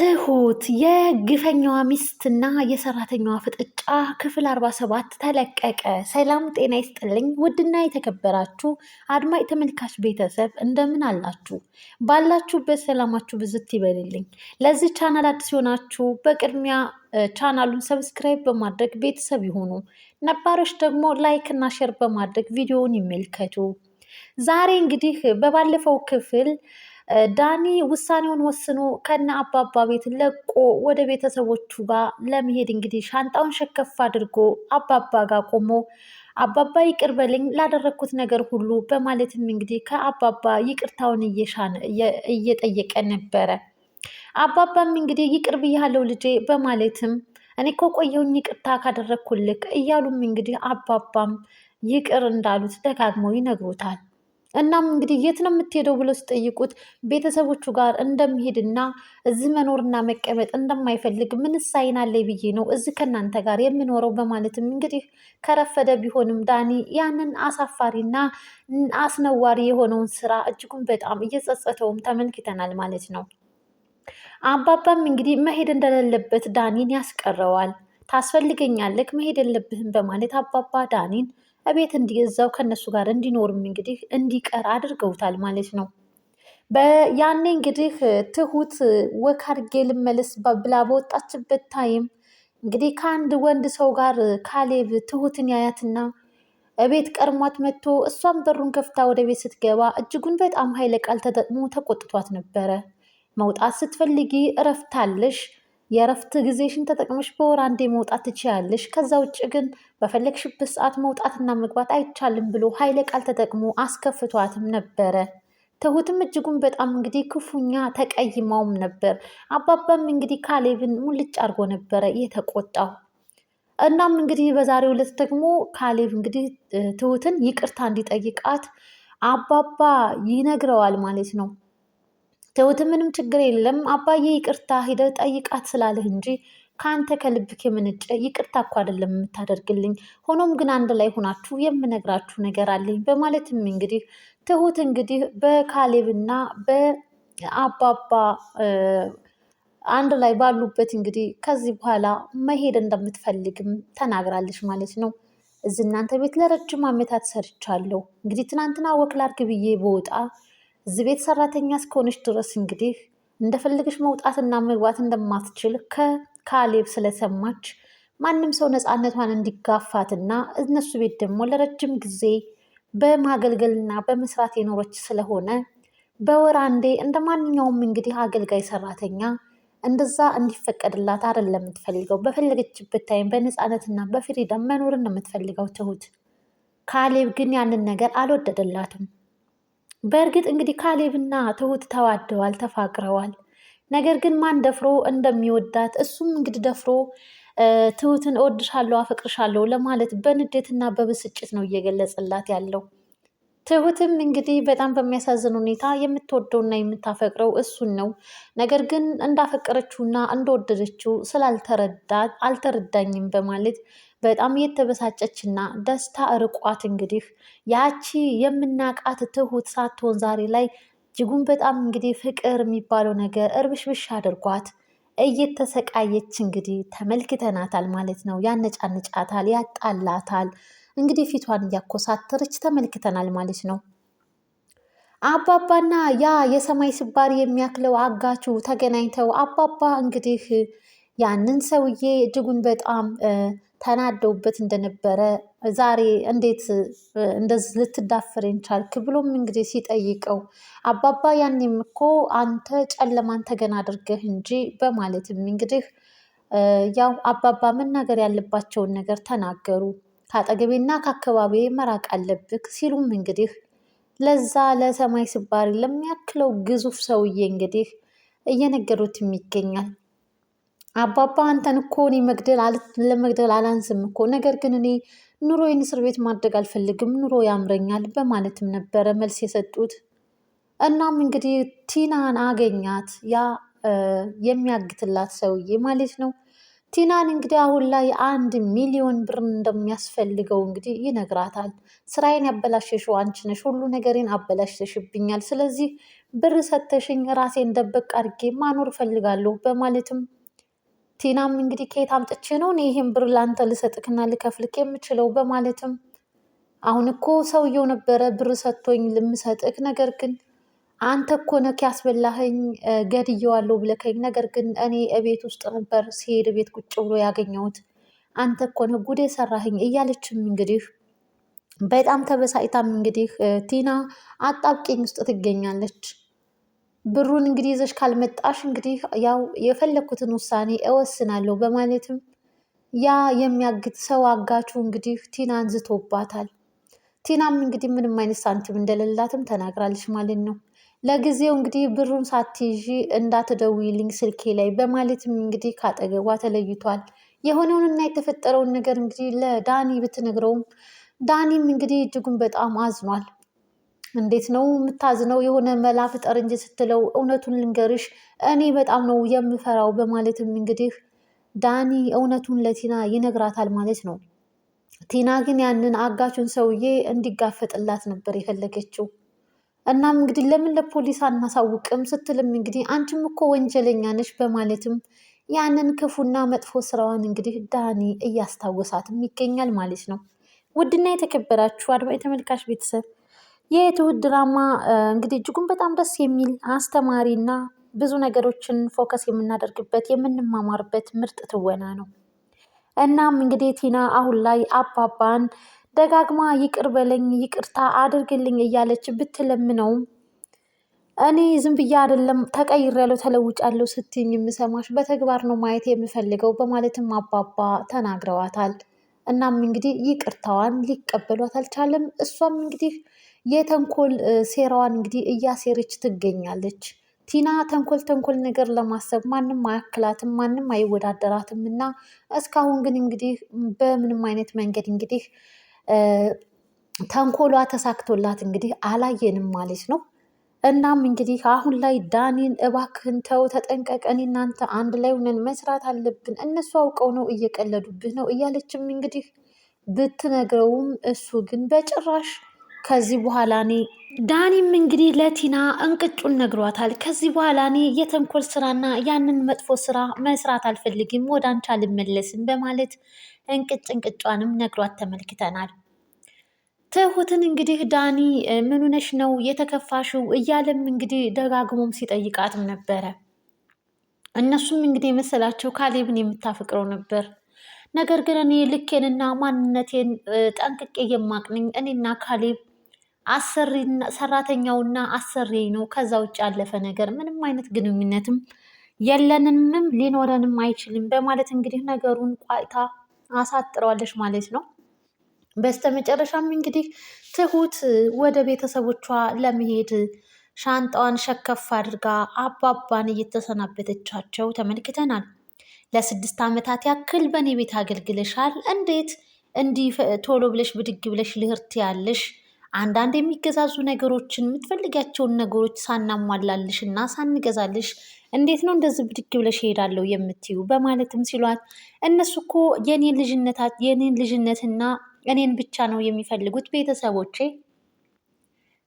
ትሁት የግፈኛዋ ሚስትና የሰራተኛዋ ፍጥጫ ክፍል ሰባት ተለቀቀ። ሰላም ጤና ይስጥልኝ። ውድና የተከበራችሁ አድማጭ ተመልካች ቤተሰብ እንደምን አላችሁ? ባላችሁበት ሰላማችሁ ብዝት ይበልልኝ። ለዚህ ቻናል አዲስ የሆናችሁ በቅድሚያ ቻናሉን ሰብስክራይብ በማድረግ ቤተሰብ ይሁኑ። ነባሮች ደግሞ ላይክ እና ሼር በማድረግ ቪዲዮውን ይመልከቱ። ዛሬ እንግዲህ በባለፈው ክፍል ዳኒ ውሳኔውን ወስኖ ከነ አባባ ቤት ለቆ ወደ ቤተሰቦቹ ጋር ለመሄድ እንግዲህ ሻንጣውን ሸከፍ አድርጎ አባባ ጋር ቆሞ አባባ ይቅር በልኝ ላደረግኩት ነገር ሁሉ በማለትም እንግዲህ ከአባባ ይቅርታውን እየጠየቀ ነበረ። አባባም እንግዲህ ይቅር ብያለው ልጄ በማለትም እኔ እኮ ቆየሁኝ ይቅርታ ካደረግኩልክ እያሉም እንግዲህ አባባም ይቅር እንዳሉት ደጋግመው ይነግሩታል። እናም እንግዲህ የት ነው የምትሄደው ብለው ሲጠይቁት ቤተሰቦቹ ጋር እንደምሄድና እዚህ መኖርና መቀመጥ እንደማይፈልግ ምን ሳይናለይ ብዬ ነው እዚህ ከእናንተ ጋር የምኖረው በማለትም እንግዲህ ከረፈደ ቢሆንም ዳኒ ያንን አሳፋሪና አስነዋሪ የሆነውን ስራ እጅጉን በጣም እየጸጸተውም ተመልክተናል ማለት ነው። አባባም እንግዲህ መሄድ እንደሌለበት ዳኒን ያስቀረዋል። ታስፈልገኛለህ፣ መሄድ የለብህም በማለት አባባ ዳኒን ቤት እንዲገዛው ከነሱ ጋር እንዲኖርም እንግዲህ እንዲቀር አድርገውታል ማለት ነው። ያኔ እንግዲህ ትሁት ወካርጌ ልመለስ ብላ በወጣችበት ታይም እንግዲህ ከአንድ ወንድ ሰው ጋር ካሌብ ትሁትን ያያትና እቤት ቀርሟት መጥቶ እሷም በሩን ከፍታ ወደ ቤት ስትገባ እጅጉን በጣም ኃይለ ቃል ተጠቅሞ ተቆጥቷት ነበረ። መውጣት ስትፈልጊ እረፍታለሽ የእረፍት ጊዜሽን ተጠቅመሽ በወር አንዴ መውጣት ትችያለሽ። ከዛ ውጭ ግን በፈለግሽበት ሰዓት መውጣትና መግባት አይቻልም ብሎ ኃይለ ቃል ተጠቅሞ አስከፍቷትም ነበረ። ትሁትም እጅጉን በጣም እንግዲህ ክፉኛ ተቀይማውም ነበር። አባባም እንግዲህ ካሌብን ሙልጭ አድርጎ ነበረ የተቆጣው። እናም እንግዲህ በዛሬው ዕለት ደግሞ ካሌብ እንግዲህ ትሁትን ይቅርታ እንዲጠይቃት አባባ ይነግረዋል ማለት ነው። ትሁት ምንም ችግር የለም አባዬ ይቅርታ ሂደህ ጠይቃት ስላለህ እንጂ ከአንተ ከልብክ የምንጭ ይቅርታ እኮ አይደለም የምታደርግልኝ። ሆኖም ግን አንድ ላይ ሆናችሁ የምነግራችሁ ነገር አለኝ በማለትም እንግዲህ ትሁት እንግዲህ በካሌብና በአባባ አንድ ላይ ባሉበት እንግዲህ ከዚህ በኋላ መሄድ እንደምትፈልግም ተናግራለች ማለት ነው። እዚህ እናንተ ቤት ለረጅም ዓመታት ሰርቻለሁ። እንግዲህ ትናንትና ወክላርክ ብዬ በወጣ እዚህ ቤት ሰራተኛ እስከሆነች ድረስ እንግዲህ እንደፈለገች መውጣትና መግባት እንደማትችል ከካሌብ ስለሰማች ማንም ሰው ነፃነቷን እንዲጋፋትና እነሱ ቤት ደግሞ ለረጅም ጊዜ በማገልገልና በመስራት የኖረች ስለሆነ በወር አንዴ እንደ ማንኛውም እንግዲህ አገልጋይ ሰራተኛ እንደዛ እንዲፈቀድላት አይደለም የምትፈልገው። በፈለገችበት ታይም በነፃነትና በፍሪደም መኖርን ነው የምትፈልገው ትሁት። ካሌብ ግን ያንን ነገር አልወደደላትም። በእርግጥ እንግዲህ ካሌብና ትሁት ተዋደዋል፣ ተፋቅረዋል። ነገር ግን ማን ደፍሮ እንደሚወዳት እሱም እንግዲህ ደፍሮ ትሁትን እወድሻለሁ፣ አፈቅርሻለሁ ለማለት በንዴትና በብስጭት ነው እየገለጸላት ያለው። ትሁትም እንግዲህ በጣም በሚያሳዝን ሁኔታ የምትወደውና የምታፈቅረው እሱን ነው። ነገር ግን እንዳፈቀረችውና እንደወደደችው ስላልተረዳ አልተረዳኝም በማለት በጣም የተበሳጨችና ደስታ ርቋት እንግዲህ ያቺ የምናቃት ትሁት ሳትሆን ዛሬ ላይ እጅጉን በጣም እንግዲህ ፍቅር የሚባለው ነገር እርብሽብሽ አድርጓት እየተሰቃየች እንግዲህ ተመልክተናታል ማለት ነው። ያነጫንጫታል፣ ያጣላታል እንግዲህ ፊቷን እያኮሳተረች ተመልክተናል ማለት ነው። አባባና ያ የሰማይ ስባሪ የሚያክለው አጋቹ ተገናኝተው አባባ እንግዲህ ያንን ሰውዬ እጅጉን በጣም ተናደውበት እንደነበረ ዛሬ እንዴት እንደዚህ ልትዳፍረኝ ቻልክ ብሎም እንግዲህ ሲጠይቀው አባባ ያኔም እኮ አንተ ጨለማን ተገና አድርገህ እንጂ በማለትም እንግዲህ ያው አባባ መናገር ያለባቸውን ነገር ተናገሩ። ከአጠገቤና ከአካባቢ መራቅ አለብክ ሲሉም እንግዲህ ለዛ ለሰማይ ስባሪ ለሚያክለው ግዙፍ ሰውዬ እንግዲህ እየነገሩትም ይገኛል። አባባ አንተን እኮ እኔ መግደል ለመግደል አላንስም እኮ ነገር ግን እኔ ኑሮ እስር ቤት ማድረግ አልፈልግም፣ ኑሮ ያምረኛል በማለትም ነበረ መልስ የሰጡት። እናም እንግዲህ ቲናን አገኛት ያ የሚያግትላት ሰውዬ ማለት ነው። ቲናን እንግዲህ አሁን ላይ አንድ ሚሊዮን ብር እንደሚያስፈልገው እንግዲህ ይነግራታል። ስራዬን ያበላሸሽው አንቺ ነሽ፣ ሁሉ ነገሬን አበላሽተሽብኛል። ስለዚህ ብር ሰተሽኝ ራሴን ደበቅ አድርጌ ማኖር እፈልጋለሁ በማለትም ቲናም እንግዲህ ከየት አምጥቼ ነው እኔ ይህን ብር ለአንተ ልሰጥክና ልከፍልክ የምችለው በማለትም አሁን እኮ ሰውየው ነበረ ብር ሰጥቶኝ ልምሰጥክ ነገር ግን አንተ እኮ ነክ ያስበላኸኝ ገድየዋለሁ ብለከኝ፣ ነገር ግን እኔ እቤት ውስጥ ነበር ሲሄድ ቤት ቁጭ ብሎ ያገኘሁት። አንተ እኮ ነህ ጉዴ ሰራኸኝ እያለችም እንግዲህ በጣም ተበሳጭታም እንግዲህ ቲና አጣብቂኝ ውስጥ ትገኛለች። ብሩን እንግዲህ ይዘሽ ካልመጣሽ እንግዲህ ያው የፈለግኩትን ውሳኔ እወስናለሁ በማለትም ያ የሚያግድ ሰው አጋቹ እንግዲህ ቲና አንዝቶባታል። ቲናም እንግዲህ ምንም አይነት ሳንቲም እንደሌላትም ተናግራለች ማለት ነው። ለጊዜው እንግዲህ ብሩን ሳትይዥ እንዳትደውይልኝ ስልኬ ላይ በማለትም እንግዲህ ካጠገቧ ተለይቷል። የሆነውንና የተፈጠረውን ነገር እንግዲህ ለዳኒ ብትነግረውም ዳኒም እንግዲህ እጅጉን በጣም አዝኗል። እንዴት ነው የምታዝነው? የሆነ መላ ፍጠር እንጂ ስትለው እውነቱን ልንገርሽ እኔ በጣም ነው የምፈራው በማለትም እንግዲህ ዳኒ እውነቱን ለቲና ይነግራታል ማለት ነው። ቲና ግን ያንን አጋቹን ሰውዬ እንዲጋፈጥላት ነበር የፈለገችው። እናም እንግዲህ ለምን ለፖሊስ አናሳውቅም ስትልም እንግዲህ አንቺም እኮ ወንጀለኛ ነሽ በማለትም ያንን ክፉና መጥፎ ስራዋን እንግዲህ ዳኒ እያስታወሳትም ይገኛል ማለት ነው። ውድና የተከበራችሁ አድማጭ ተመልካች ቤተሰብ የትሁት ድራማ እንግዲህ እጅጉን በጣም ደስ የሚል አስተማሪና ብዙ ነገሮችን ፎከስ የምናደርግበት የምንማማርበት ምርጥ ትወና ነው። እናም እንግዲህ ቲና አሁን ላይ አባባን ደጋግማ ይቅር በለኝ ይቅርታ አድርግልኝ እያለች ብትለምነውም እኔ ዝም ብዬ አይደለም ተቀይሬያለሁ ተለውጫለሁ ስትኝ የምሰማሽ በተግባር ነው ማየት የምፈልገው በማለትም አባባ ተናግረዋታል። እናም እንግዲህ ይቅርታዋን ሊቀበሏት አልቻለም። እሷም እንግዲህ የተንኮል ሴራዋን እንግዲህ እያሴረች ትገኛለች። ቲና ተንኮል ተንኮል ነገር ለማሰብ ማንም አያክላትም፣ ማንም አይወዳደራትም እና እስካሁን ግን እንግዲህ በምንም አይነት መንገድ እንግዲህ ተንኮሏ ተሳክቶላት እንግዲህ አላየንም ማለት ነው። እናም እንግዲህ አሁን ላይ ዳኒን እባክህን ተው ተጠንቀቀን፣ እናንተ አንድ ላይ ሆነን መስራት አለብን፣ እነሱ አውቀው ነው እየቀለዱብህ ነው እያለችም እንግዲህ ብትነግረውም እሱ ግን በጭራሽ ከዚህ በኋላ እኔ ዳኒም እንግዲህ ለቲና እንቅጩን ነግሯታል። ከዚህ በኋላ እኔ የተንኮል ስራና ያንን መጥፎ ስራ መስራት አልፈልግም፣ ወደ አንቺ አልመለስም በማለት እንቅጭ እንቅጯንም ነግሯት ተመልክተናል። ትሁትን እንግዲህ ዳኒ ምን ሆነሽ ነው የተከፋሽው እያለም እንግዲህ ደጋግሞም ሲጠይቃትም ነበረ። እነሱም እንግዲህ የመሰላቸው ካሌብን የምታፈቅረው ነበር። ነገር ግን እኔ ልኬንና ማንነቴን ጠንቅቄ የማቅንኝ እኔና ካሌብ ሰራተኛውና አሰሪ ነው። ከዛ ውጭ ያለፈ ነገር ምንም አይነት ግንኙነትም የለንምም ሊኖረንም አይችልም በማለት እንግዲህ ነገሩን ቋይታ አሳጥረዋለች ማለት ነው። በስተመጨረሻም እንግዲህ ትሁት ወደ ቤተሰቦቿ ለመሄድ ሻንጣዋን ሸከፍ አድርጋ አባባን እየተሰናበተቻቸው ተመልክተናል። ለስድስት ዓመታት ያክል በእኔ ቤት አገልግለሻል፣ እንዴት እንዲህ ቶሎ ብለሽ ብድግ ብለሽ ልህርት ያለሽ አንዳንድ የሚገዛዙ ነገሮችን የምትፈልጊያቸውን ነገሮች ሳናሟላልሽ እና ሳንገዛልሽ እንዴት ነው እንደዚህ ብድግ ብለሽ እሄዳለሁ የምትዩ? በማለትም ሲሏት እነሱ እኮ የኔን ልጅነታት የኔን ልጅነትና እኔን ብቻ ነው የሚፈልጉት ቤተሰቦቼ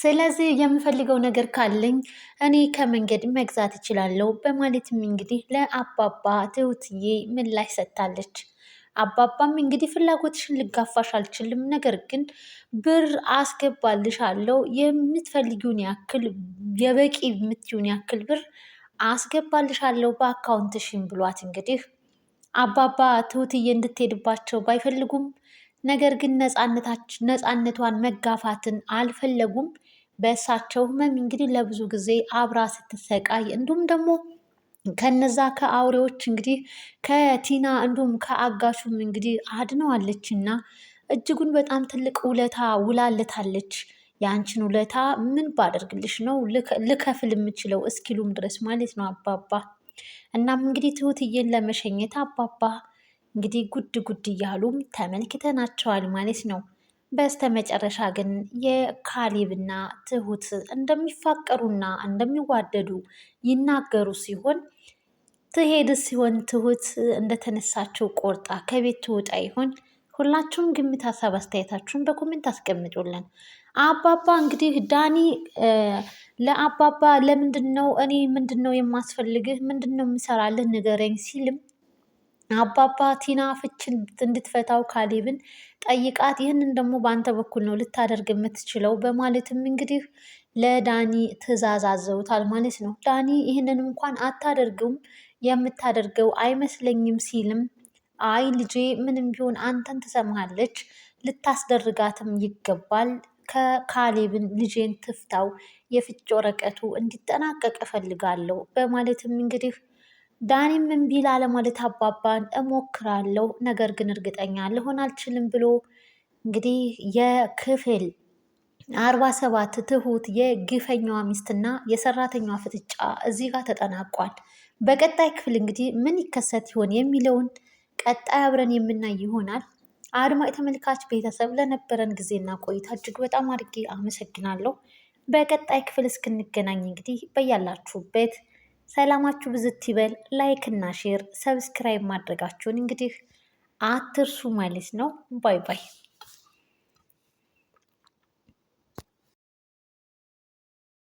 ስለዚህ የምፈልገው ነገር ካለኝ እኔ ከመንገድ መግዛት እችላለሁ፣ በማለትም እንግዲህ ለአባባ ትሁትዬ ምላሽ ሰጥታለች። አባባም እንግዲህ ፍላጎትሽን ልጋፋሽ አልችልም፣ ነገር ግን ብር አስገባልሻለሁ የምትፈልጊውን ያክል የበቂ የምትዩን ያክል ብር አስገባልሻለሁ በአካውንትሽን ብሏት እንግዲህ አባባ ትሁትዬ እንድትሄድባቸው ባይፈልጉም ነገር ግን ነፃነቷን መጋፋትን አልፈለጉም። በእሳቸው ህመም እንግዲህ ለብዙ ጊዜ አብራ ስትሰቃይ እንዲሁም ደግሞ ከነዛ ከአውሬዎች እንግዲህ ከቲና እንዲሁም ከአጋሹም እንግዲህ አድነዋለች እና እጅጉን በጣም ትልቅ ውለታ ውላለታለች። የአንቺን ውለታ ምን ባደርግልሽ ነው ልከፍል የምችለው እስኪሉም ድረስ ማለት ነው አባባ። እናም እንግዲህ ትሁትዬን ለመሸኘት አባባ እንግዲህ ጉድ ጉድ እያሉም ተመልክተናቸዋል ማለት ነው። በስተ መጨረሻ ግን የካሌብና ትሁት እንደሚፋቀሩና እንደሚዋደዱ ይናገሩ ሲሆን ትሄድ ሲሆን ትሁት እንደተነሳችው ቆርጣ ከቤት ትውጣ ይሆን? ሁላችሁም ግምት፣ ሀሳብ አስተያየታችሁን በኮሜንት አስቀምጡልን። አባባ እንግዲህ ዳኒ ለአባባ ለምንድን ነው እኔ ምንድን ነው የማስፈልግህ ምንድን ነው የምሰራልህ ንገረኝ ሲልም አባባ ቲና ፍችን እንድትፈታው ካሌብን ጠይቃት፣ ይህንን ደግሞ በአንተ በኩል ነው ልታደርግ የምትችለው በማለትም እንግዲህ ለዳኒ ትዕዛዝ አዘውታል ማለት ነው። ዳኒ ይህንን እንኳን አታደርግም የምታደርገው አይመስለኝም ሲልም አይ ልጄ ምንም ቢሆን አንተን ትሰማሃለች፣ ልታስደርጋትም ይገባል ከካሌብን ልጄን ትፍታው የፍች ወረቀቱ እንዲጠናቀቅ እፈልጋለሁ በማለትም እንግዲህ ዳኒም እምቢ ላለማለት አባባን እሞክራለሁ፣ ነገር ግን እርግጠኛ ልሆን አልችልም ብሎ እንግዲህ የክፍል አርባ ሰባት ትሁት የግፈኛዋ ሚስትና የሰራተኛዋ ፍጥጫ እዚህ ጋር ተጠናቋል። በቀጣይ ክፍል እንግዲህ ምን ይከሰት ይሆን የሚለውን ቀጣይ አብረን የምናይ ይሆናል። አድማጭ ተመልካች ቤተሰብ ለነበረን ጊዜና ቆይታ እጅግ በጣም አድርጌ አመሰግናለሁ። በቀጣይ ክፍል እስክንገናኝ እንግዲህ በያላችሁበት ሰላማችሁ ብዝት ይበል። ላይክ እና ሼር፣ ሰብስክራይብ ማድረጋችሁን እንግዲህ አትርሱ ማለት ነው። ባይ ባይ።